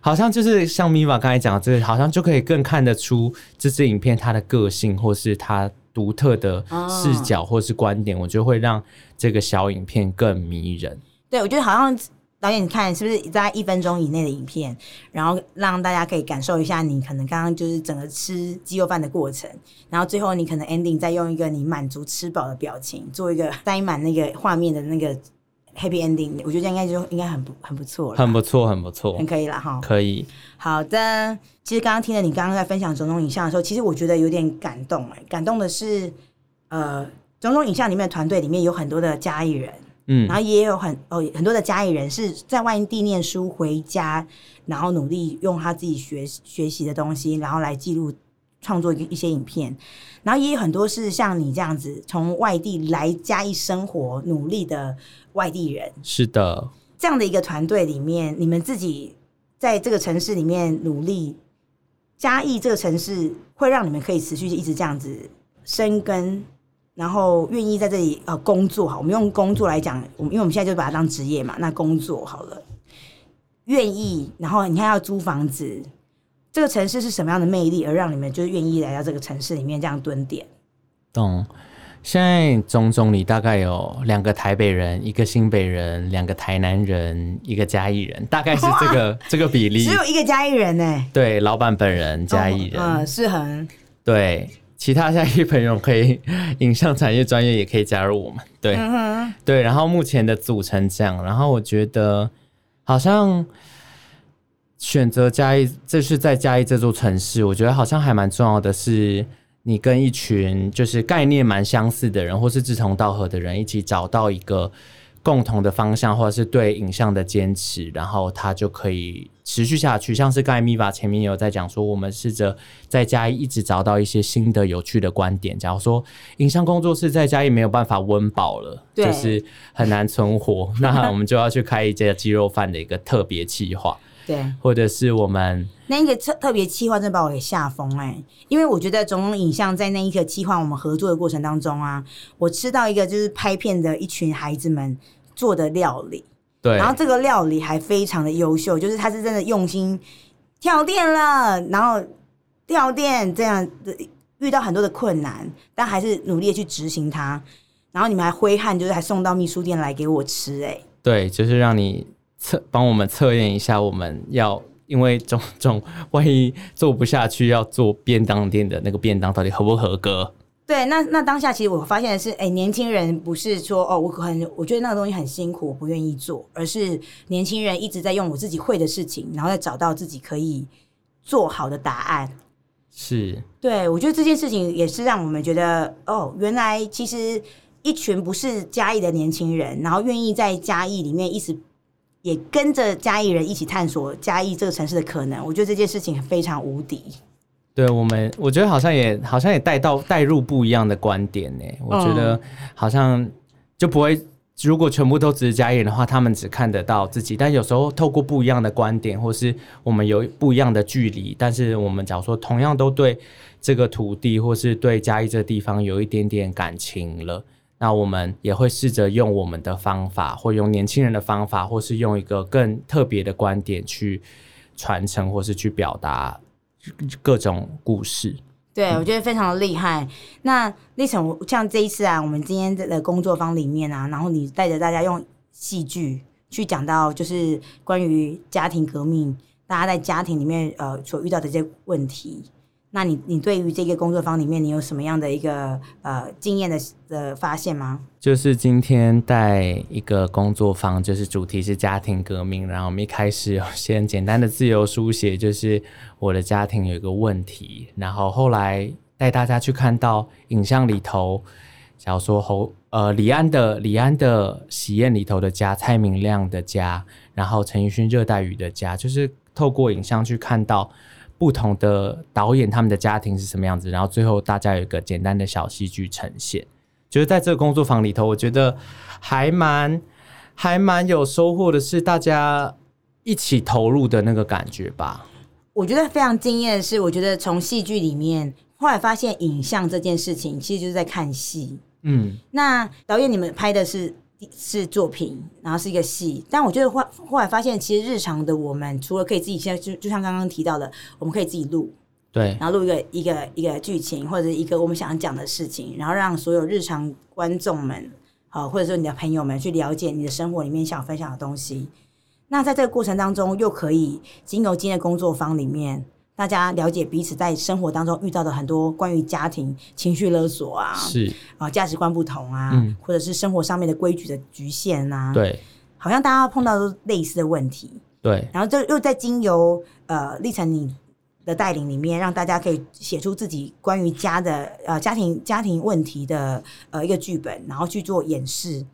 S2: 好像就是像米瓦剛才講的，這個好像就可以更看得出這支影片它的個性，或是它獨特的視角，或是觀點，哦、我就會讓這個小影片更迷人。
S1: 對，我覺得好像。導演，你看是不是在一分鐘以內的影片，然後讓大家可以感受一下你可能剛剛就是整個吃雞肉飯的過程，然後最後你可能 ending 再用一個你滿足吃飽的表情，做一個塞滿那個畫面的那個 happy ending，我覺得這樣應該就應該很不很不錯了，很不
S2: 錯，很不錯，很可以了哈，可以。
S1: 好的，其實剛剛聽了你剛剛在分享種種影像的時候，其實我覺得有點感動哎、欸，感動的是呃種種影像裡面的團隊裡面有很多的嘉義人。嗯，然後也有很哦很多的嘉義人是在外地念書，回家然後努力用他自己學學習的東西，然後來記錄創作一一些影片，然後也有很多是像你這樣子從外地來嘉義生活努力的外地人。是的，這樣的一個團隊裡面，你們自己在這個城市裡面努力，嘉義這個城市會讓你們可以持續一直這樣子生根。然後願意在這裡呃工作哈，我們用工作來講，我們因為我們現在就把它當職業嘛，那工作好了，願意，然後你看要租房子，這個城市是什麼樣的魅力，而讓你們就是願意來到這個城市裡面這樣蹲點？
S2: 懂、嗯。現在種種裡，大概有兩個台北人，一個新北人，兩個台南人，一個嘉義人，大概是這個哇這個比例，只有一
S1: 個嘉義人呢？欸？
S2: 對，老闆本人嘉義人，嗯，是、嗯、很對。其他嘉義朋友可以影像產業專業也可以加入我們，對、uh huh. 對。然後目前的組成這樣，然後我覺得好像選擇嘉義，這是在嘉義這座城市，我覺得好像還蠻重要的是，你跟一群就是概念蠻相似的人，或是志同道合的人一起找到一個。共同的方向，或者是對影像的堅持，然後它就可以持續下去。像是剛才米法前面也有在講說，我們試着在家裡一直找到一些新的有趣的觀點。假如說影像工作室在家也沒有辦法溫飽了，對就是很難存活， (laughs) 那我們就要去開一家雞肉飯的一個特別計劃。 (laughs) 對，
S1: 或者是我們那一個特特別企劃真的把我給嚇瘋哎！因為我覺得種種影像在那一刻企劃我們合作的過程當中啊，我吃到一個就是拍片的一群孩子們做的料理，對，然後這個料理還非常的優秀，就是他是真的用心，跳電了，然後跳電這樣遇到很多的困難，但還是努力的去執行它，然後你們還揮汗，就是還送到秘密客來給我吃哎、欸，
S2: 對，就是讓你。測幫我們測驗一下，我們要因為種種，萬一做不下去，要做便當店的那個便當到底合不合格？
S1: 對，那那當下其實我發現的是，哎、欸，年輕人不是說哦，我很我覺得那個東西很辛苦，我不願意做，而是年輕人一直在用我自己會的事情，然後再找到自己可以做好的答案。
S2: 是，
S1: 對，我覺得這件事情也是讓我們覺得，哦，原來其實一群不是嘉義的年輕人，然後願意在嘉義裡面一直。也跟着嘉義人一起探索嘉義這個城市的可能，我覺得這件事情非常無敵。
S2: 對，我們，我覺得好像也好像也帶到帶入不一樣的觀點呢、欸。嗯、我覺得好像就不會，如果全部都只是嘉義人的話，他們只看得到自己。但有時候透過不一樣的觀點，或是我們有不一樣的距離，但是我們假如說同樣都對這個土地或是對嘉義這個地方有一點點感情了。那我們也會試着用我們的方法，或用年輕人的方法，或是用一個更特別的觀點去傳承，或是去表達各種故事。
S1: 對，我覺得非常厲害。嗯、那立承像這一次啊，我們今天的的工作坊裡面啊，然後你帶着大家用戲劇去講到，就是關於家庭革命，大家在家庭裡面呃所遇到的這些問題。那你你對於這個工作坊裡面，你有什麼樣的一個呃經驗的的發現嗎？
S2: 就是今天帶一個工作坊，就是主題是家庭革命。然後我們一開始先簡單的自由書寫，就是我的家庭有一個問題。然後後來帶大家去看到影像裡頭，假如說侯呃李安的李安的喜宴裡頭的家，蔡明亮的家，然後陳玉勳熱帶魚的家，就是透過影像去看到。不同的導演他們的家庭是什麼樣子，然後最後大家有一個簡單的小戲劇呈現，就是在這個工作坊裡頭，我覺得還蠻還蠻有收穫的是大家一起投入的那個感覺吧。
S1: 我覺得非常驚艷的是，我覺得從戲劇裡面後來發現影像這件事情，其實就是在看戲。嗯，那導演你們拍的是。是作品，然後是一個戲，但我覺得後來發現，其實日常的我們，除了可以自己現在就就像剛剛提到的，我們可以自己錄，對，然後錄一個一個一個劇情，或者一個我們想要講的事情，然後讓所有日常觀眾們，啊，或者說你的朋友們去了解你的生活裡面想分享的東西，那在這個過程當中，又可以經由今天的工作坊裡面。大家了解彼此在生活當中遇到的很多關於家庭情緒勒索啊，是啊，價值觀不同啊，嗯、或者是生活上面的規矩的局限啊，對，好像大家都碰到類似的問題，對，然後就又在經由呃立承你的帶領裡面，讓大家可以寫出自己關於家的呃家庭家庭問題的呃一個劇本，然後去做演示。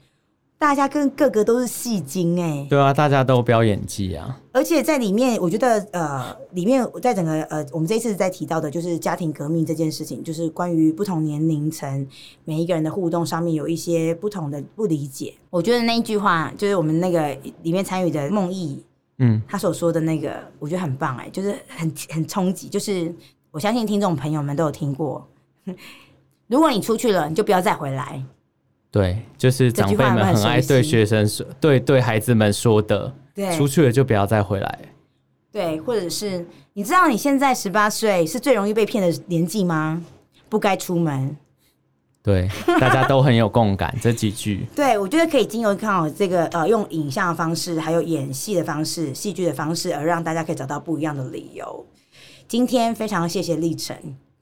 S1: 大家跟個個都是戲精哎，
S2: 對啊，大家都飆演技啊。
S1: 而且在裡面，我覺得呃，裡面我在整個呃，我們這一次在提到的，就是家庭革命這件事情，就是關於不同年齡層每一個人的互動上面有一些不同的不理解。我覺得那一句話就是我們那個裡面參與的夢意，嗯，他所說的那個，我覺得很棒哎，就是很很衝擊。就是我相信聽眾朋友們都有聽過，如果你出去了，你就不要再回來。
S2: 對，就是長輩們很愛對學生說，對對孩子們說的，對出去了就不要再回來。
S1: 對，或者是你知道你現在十八歲是最容易被騙的年紀嗎？不該出門。
S2: 對，大家都很有共感 (laughs) 這幾句。
S1: 對，我覺得可以經由看好這個呃，用影像的方式，還有演戲的方式、戲劇的方式，而讓大家可以找到不一樣的理由。今天非常謝謝立承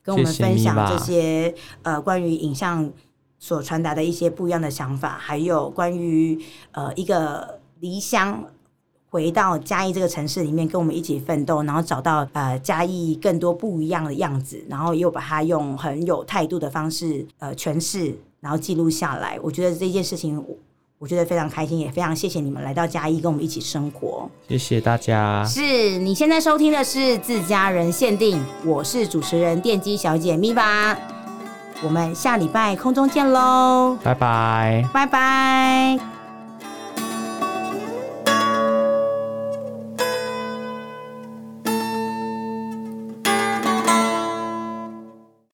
S1: 跟我們分享這些謝謝呃關於影像，所傳達的一些不一樣的想法，還有關於呃一個離鄉回到嘉義這個城市裡面，跟我們一起奮鬥，然後找到呃嘉義更多不一樣的樣子，然後又把它用很有態度的方式呃詮釋，然後記錄下來。我覺得這件事情我，我覺得非常開心，也非常謝謝你們來到嘉義跟我們一起生活。
S2: 謝謝大家。是
S1: 你現在收聽的是自嘉人限定，我是主持人電機小姐米吧。我們下禮拜空中見嘍 bye！
S2: 拜拜！
S1: 拜拜！